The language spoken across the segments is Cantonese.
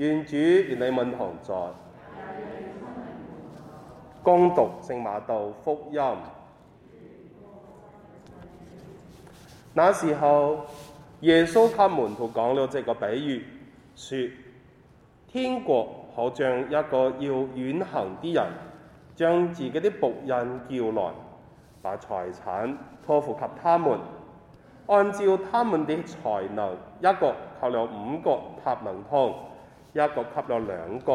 願主與你們同在。恭讀聖馬道福音。那時候，耶穌給門徒講了這個比喻，說：天國好像一個要遠行啲人，將自己啲僕人叫來，把財產託付給他們，按照他們啲才能，一個給了五個塔冷通。一個給了兩個，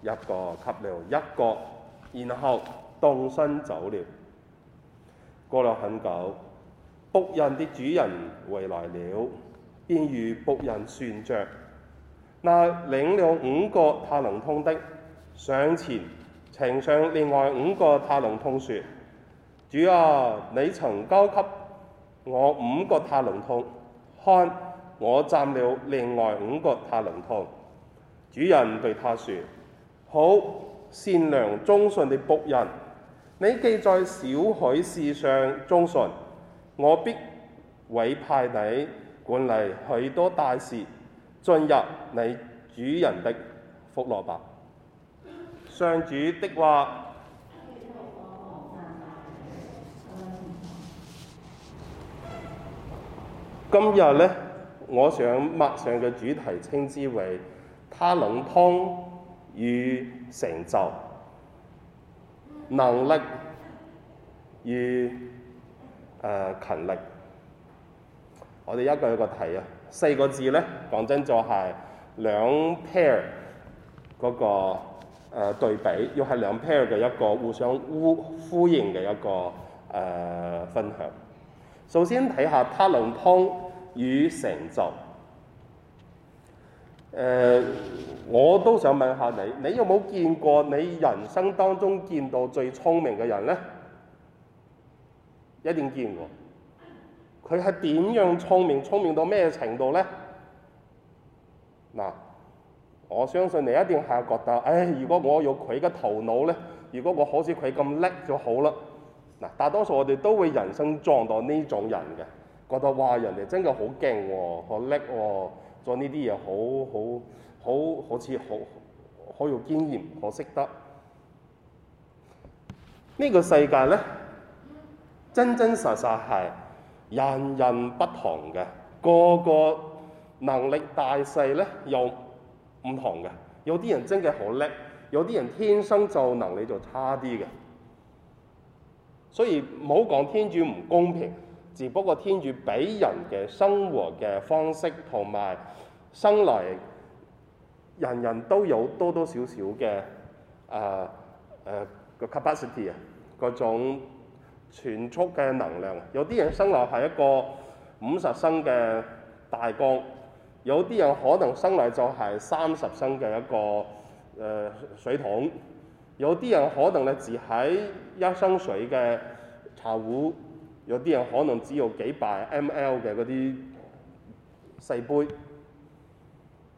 一個給了一個，然後動身走了。過了很久，僕人的主人回來了，便與僕人算着：「那領了五個塔冷通的上前呈上另外五個塔冷通，説：主啊，你曾交給我五個塔冷通，看我賺了另外五個塔冷通。主人對他説：好善良忠信的僕人，你既在小許事上忠信，我必委派你管理許多大事，進入你主人的福樂吧。上主的話， 今日呢，我想默上嘅主題稱之為。塔冷通與成就，能力與誒、呃、勤力，我哋一個一個睇啊。四個字咧，講真就係兩 pair 嗰個誒、呃、對比，又係兩 pair 嘅一個互相呼呼應嘅一個誒、呃、分享。首先睇下塔冷通與成就。誒、呃，我都想問下你，你有冇見過你人生當中見到最聰明嘅人呢？一定見過。佢係點樣聰明？聰明到咩程度呢？嗱，我相信你一定係覺得，誒、哎，如果我有佢嘅頭腦呢，如果我好似佢咁叻就好啦。嗱，大多數我哋都會人生撞到呢種人嘅，覺得哇，人哋真係好勁喎、哦，好叻喎。做呢啲嘢好好好好似好好有經驗，可識得呢個世界咧，真真實實係人人不同嘅，個個能力大細咧又唔同嘅。有啲人真嘅好叻，有啲人天生就能力就差啲嘅。所以唔好講天主唔公平。只不過天主俾人嘅生活嘅方式，同埋生嚟，人人都有多多少少嘅誒誒個 capacity 啊，嗰、呃呃、種儲蓄嘅能量。有啲人生嚟係一個五十升嘅大缸，有啲人可能生嚟就係三十升嘅一個誒、呃、水桶，有啲人可能咧住喺一升水嘅茶壺。有啲人可能只有幾百 mL 嘅嗰啲細杯，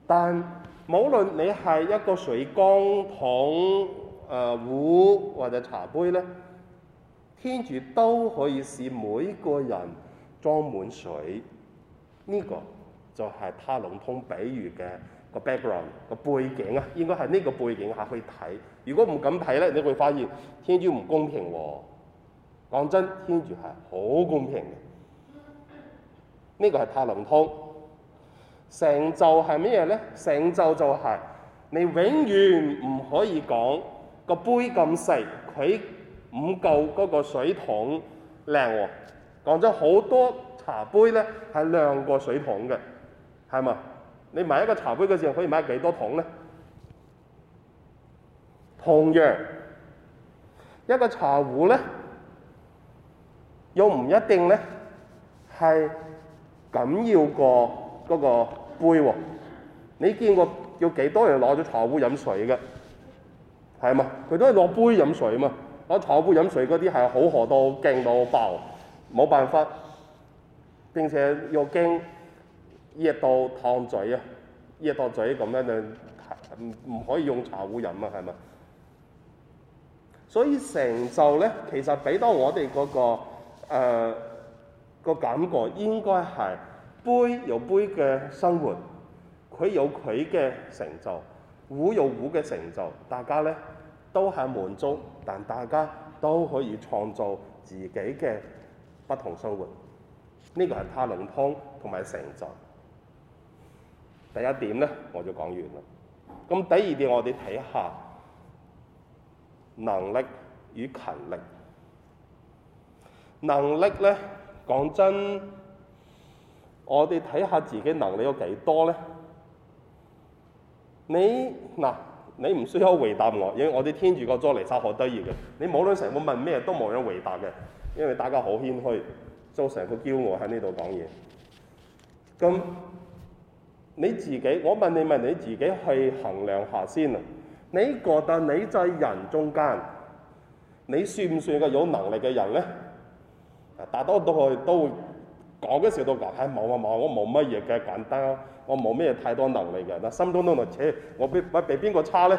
但無論你係一個水缸桶、誒、呃、壺或者茶杯咧，天主都可以使每個人裝滿水。呢個就係塔冷通比喻嘅個 background 個背景啊，應該喺呢個背景下去睇。如果唔敢睇咧，你會發現天主唔公平喎。講真，天主係好公平嘅。呢、這個係塔冷通。成就係咩嘢咧？成就就係、是、你永遠唔可以講個杯咁細，佢唔夠嗰個水桶靚喎。講咗好多茶杯咧，係靚過水桶嘅，係嘛？你買一個茶杯嘅時候，可以買幾多桶咧？同樣一個茶壺咧。又唔一定咧，係緊要過嗰個杯喎、啊。你見過有幾多人攞咗茶壺飲水嘅？係嘛，佢都係攞杯飲水啊嘛。攞茶壺飲水嗰啲係好渴到勁到爆，冇辦法。並且又驚熱到燙嘴啊，熱到嘴咁樣咧，唔唔可以用茶壺飲啊，係嘛？所以成就咧，其實俾到我哋嗰、嗰個。誒、呃那個感覺應該係杯有杯嘅生活，佢有佢嘅成就，壺有壺嘅成就。大家咧都係滿足，但大家都可以創造自己嘅不同生活。呢個係塔冷通同埋成就。第一點咧，我就講完啦。咁第二點，我哋睇下能力與勤力。能力咧，講真，我哋睇下自己能力有幾多咧？你嗱，你唔需要回答我，因為我哋天住個莊嚟，沙學都要嘅。你無論成個問咩都冇人回答嘅，因為大家好謙虛，就成個驕傲喺呢度講嘢。咁、嗯、你自己，我問你問你自己去衡量下先啊！你覺得你在人中間，你算唔算個有能力嘅人咧？大多都都講嘅時候都講，係、哎、冇啊，冇，我冇乜嘢嘅簡單，我冇咩嘢太多能力嘅。嗱，心中嗰度扯我比不比邊個差咧？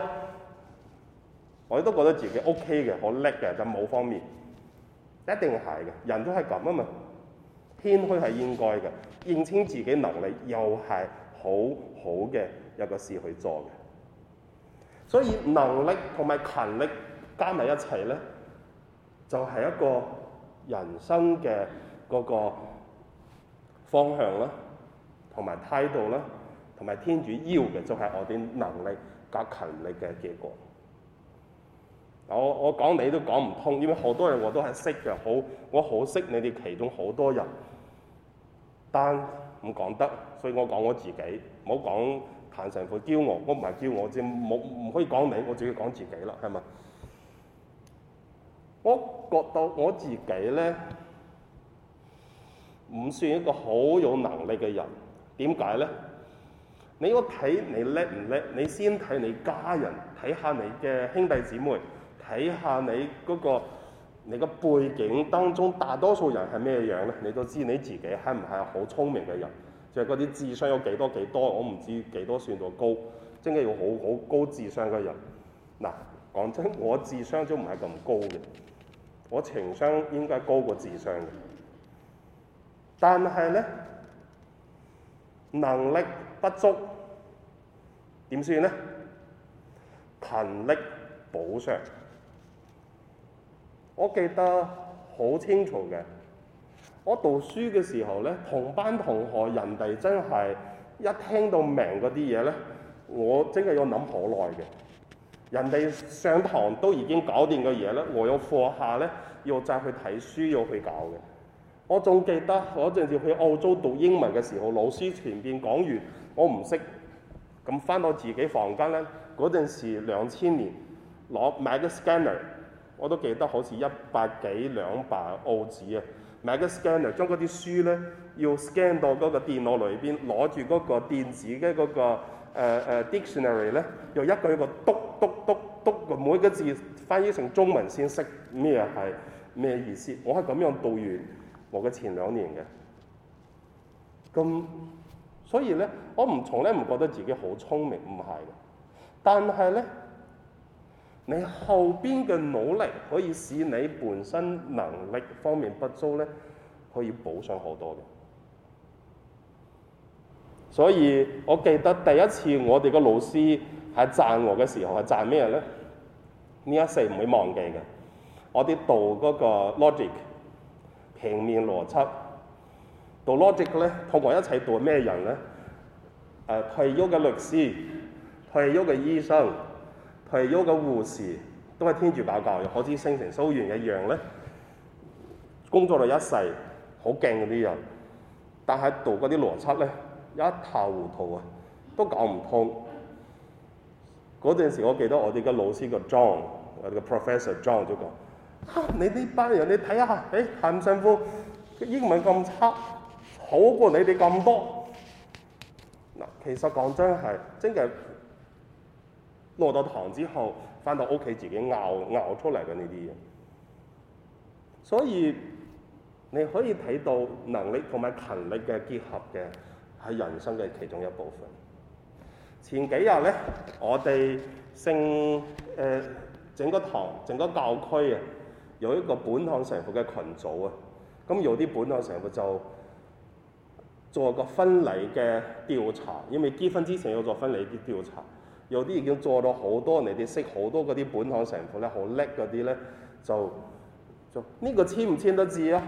我都覺得自己 OK 嘅，好叻嘅，就冇方面一定係嘅。人都係咁啊嘛，謙虛係應該嘅，認清自己能力又係好好嘅一個事去做嘅。所以能力同埋勤力加埋一齊咧，就係、是、一個。人生嘅嗰個方向啦，同埋態度啦，同埋天主要嘅，就係、是、我哋能力及勤力嘅結果。我我講你都講唔通，因為好多人我都係識嘅，好我好識你哋其中好多人，但唔講得，所以我講我自己，唔好講譚神父驕傲，我唔係驕傲即冇唔可以講你，我只要講自己啦，係咪？我覺得我自己咧唔算一個好有能力嘅人，點解咧？你要睇你叻唔叻？你先睇你家人，睇下你嘅兄弟姊妹，睇下你嗰個你個背景當中大多數人係咩樣咧？你都知你自己係唔係好聰明嘅人？就係嗰啲智商有幾多幾多？我唔知幾多算到高，真係要好好高智商嘅人。嗱，講真，我智商都唔係咁高嘅。我情商應該高過智商嘅，但係咧，能力不足點算咧？勤力補償。我記得好清楚嘅，我讀書嘅時候咧，同班同學人哋真係一聽到名嗰啲嘢咧，我真係要諗好耐嘅。人哋上堂都已經搞掂嘅嘢咧，我有課下咧又再去睇書，又去搞嘅。我仲記得嗰陣時去澳洲讀英文嘅時候，老師前邊講完，我唔識咁返到自己房間咧。嗰陣時兩千年攞買個 scanner，我都記得好似一百幾兩百澳紙啊。買個 scanner 將嗰啲書咧要 scan 到嗰個電腦裏邊，攞住嗰個電子嘅嗰、嗰個誒、uh, uh, dictionary 咧，又一句一個篤。「讀讀讀」個每一個字，翻譯成中文先識咩係咩意思。我係咁樣度完我嘅前兩年嘅。咁所以咧，我唔從咧唔覺得自己好聰明，唔係。但係咧，你後邊嘅努力可以使你本身能力方面不足咧，可以補上好多嘅。所以我記得第一次我哋嘅老師，喺讚我嘅時候，係讚咩咧？呢一世唔會忘記嘅。我啲讀嗰個 logic，平面邏輯，讀 logic 咧，同我一齊讀咩人咧？誒、呃，退休嘅律師，退休嘅醫生，退休嘅護士，都係天主教教，又可知聖神修院一樣咧。工作咗一世，好勁嗰啲人，但係讀嗰啲邏輯咧，一塌糊塗啊，都搞唔通。嗰陣時，我記得我哋嘅老師個 John，我哋嘅 Professor John 都講：嚇、啊、你呢班人，你睇下，誒咁辛苦，英文咁差，好過你哋咁多。嗱，其實講真係，真係落到堂之後，翻到屋企自己熬熬出嚟嘅呢啲嘢。所以你可以睇到能力同埋勤力嘅結合嘅，係人生嘅其中一部分。前幾日咧，我哋聖誒整個堂、整個教區啊，有一個本堂神父嘅群組啊，咁有啲本堂神父就做個婚禮嘅調查，因為結婚之前要做婚禮嘅調查，有啲已經做咗好多，你哋識好多嗰啲本堂神父咧，好叻嗰啲咧，就就呢、這個簽唔簽得字啊？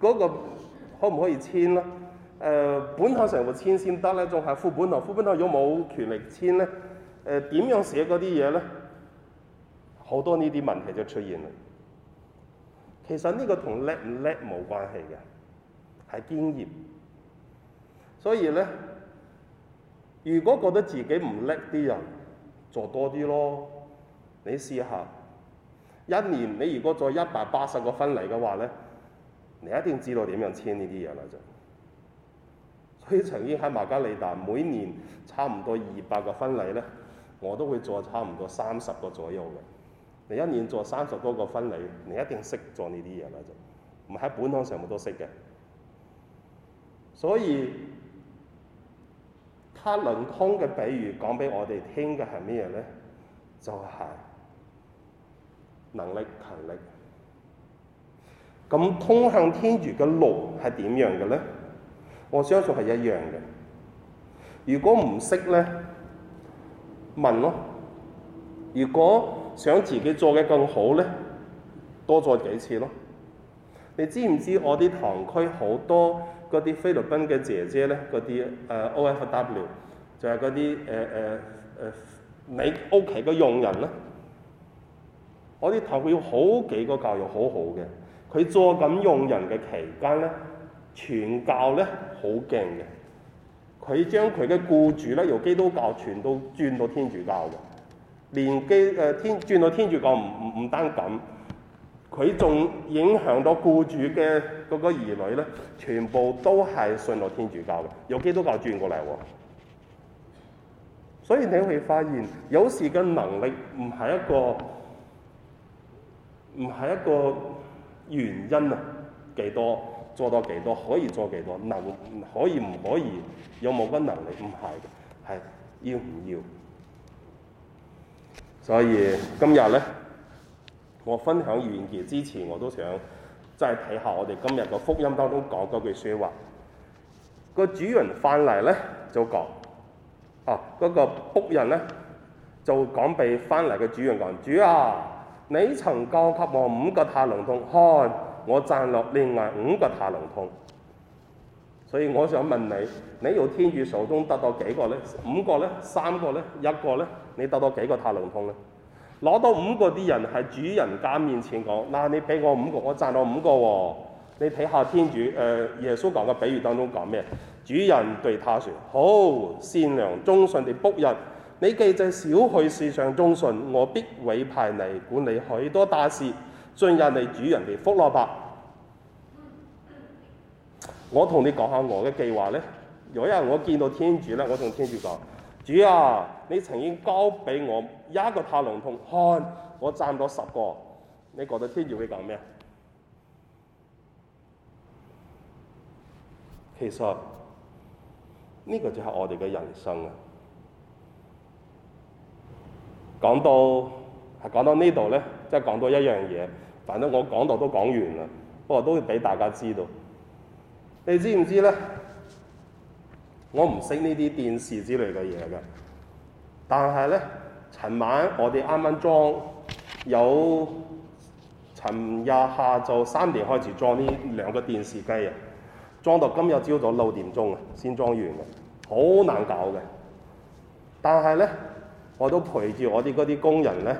嗰、那個可唔可以簽啦、啊？誒、呃、本堂成日冇簽先得咧，仲係副本堂。副本堂有冇權力簽咧，誒、呃、點樣寫嗰啲嘢咧？好多呢啲問題就出現啦。其實呢個同叻唔叻冇關係嘅，係經驗。所以咧，如果覺得自己唔叻啲人，做多啲咯。你試下，一年你如果做一百八十個婚禮嘅話咧，你一定知道點樣簽呢啲嘢啦就。佢曾經喺馬加利達每年差唔多二百個婚禮咧，我都會做差唔多三十個左右嘅。你一年做三十多個婚禮，你一定識做呢啲嘢啦，就唔係喺本行上我都識嘅。所以塔冷通嘅比喻講俾我哋聽嘅係咩咧？就係、是、能力、勤力。咁通向天主嘅路係點樣嘅咧？我相信係一樣嘅。如果唔識咧，問咯。如果想自己做嘅更好咧，多做幾次咯。你知唔知我啲堂區好多嗰啲菲律賓嘅姐姐咧，嗰啲誒、呃、OFW，就係嗰啲誒誒誒，你屋企嘅傭人咧。我啲堂區有好幾個教育好好嘅，佢做緊傭人嘅期間咧。傳教咧好勁嘅，佢將佢嘅僱主咧由基督教傳到轉到天主教嘅，連基誒、呃、天轉到天主教唔唔唔單咁，佢仲影響到僱主嘅嗰個兒女咧，全部都係信到天主教嘅，由基督教轉過嚟喎。所以你可以發現，有時嘅能力唔係一個唔係一個原因啊，幾多？做到幾多,多可以做幾多能可以唔可以有冇乜能力唔係嘅係要唔要？所以今日咧，我分享完結之前，我都想即係睇下我哋今日個福音當中講嗰句説話。個主人翻嚟咧就講：哦、啊，嗰、嗰個僕人咧就講俾翻嚟嘅主人講：主啊，你曾教給我五個塔冷通，看。我賺落另外五個塔冷通，所以我想問你，你由天主手中得到幾個咧？五個咧？三個咧？一個咧？你得到幾個塔冷通咧？攞到五個啲人喺主人家面前講：嗱，你俾我五個，我賺到五個喎、哦。你睇下天主誒、呃、耶穌講嘅比喻當中講咩？主人對他説：好，善良忠信的僕人，你既在小事上忠信，我必委派你管理許多大事。進入你主人哋福樂吧。我同你講下我嘅計劃咧。如果有一日我見到天主咧，我同天主講：主啊，你曾經交俾我一個塔冷通，看我賺咗十個，你覺得天主會講咩啊？其實呢、呢個就係我哋嘅人生啊！講到係講到呢度咧，即係講到一樣嘢。反正我講到都講完啦，不過都要俾大家知道。你知唔知咧？我唔識呢啲電視之類嘅嘢嘅，但係咧，尋晚我哋啱啱裝有，尋日下晝三點開始裝呢兩個電視機啊，裝到今日朝早六點鐘啊，先裝完嘅，好難搞嘅。但係咧，我都陪住我哋嗰啲工人咧，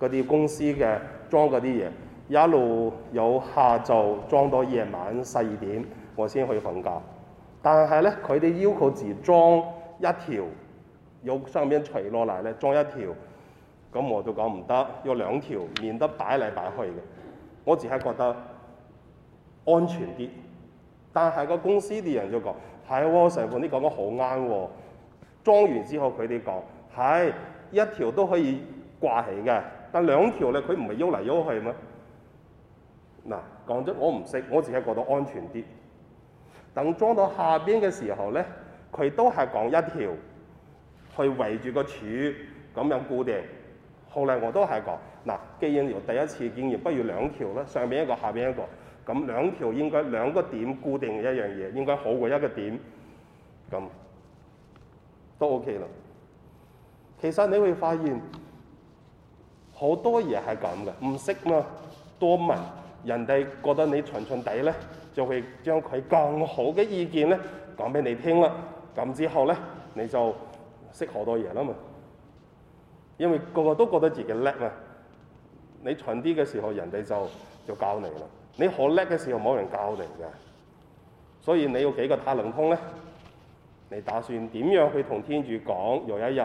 嗰啲公司嘅裝嗰啲嘢。一路有下晝裝到夜晚十二點，我先去瞓覺。但係咧，佢哋要求只裝一條，有上面除落嚟咧裝一條，咁我就講唔得。要兩條免得擺嚟擺去嘅。我淨係覺得安全啲，但係個公司啲人就講係喎，成份啲講得好啱喎。裝完之後佢哋講係一條都可以掛起嘅，但兩條咧佢唔係喐嚟喐去咩？嗱，講咗我唔識，我只係覺得安全啲。等裝到下邊嘅時候咧，佢都係講一條去圍住個柱咁樣固定。後嚟我都係講，嗱，既然由第一次建議，不如兩條啦，上邊一個，下邊一個。咁兩條應該兩個點固定一樣嘢，應該好過一個點。咁都 OK 啦。其實你會發現好多嘢係咁嘅，唔識嘛，多問。人哋覺得你蠢蠢哋咧，就會將佢更好嘅意見咧講俾你聽啦。咁之後咧，你就識好多嘢啦嘛。因為個個都覺得自己叻嘛。你蠢啲嘅時候，人哋就就教你啦。你好叻嘅時候，冇人教你嘅。所以你要幾個塔冷通咧？你打算點樣去同天主講？有一日，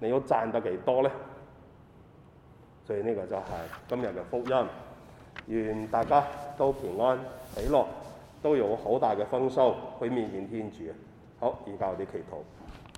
你要賺得幾多咧？所以呢個就係今日嘅福音。願大家都平安喜樂，都有好大嘅豐收去面見天主。好，而家我哋祈禱。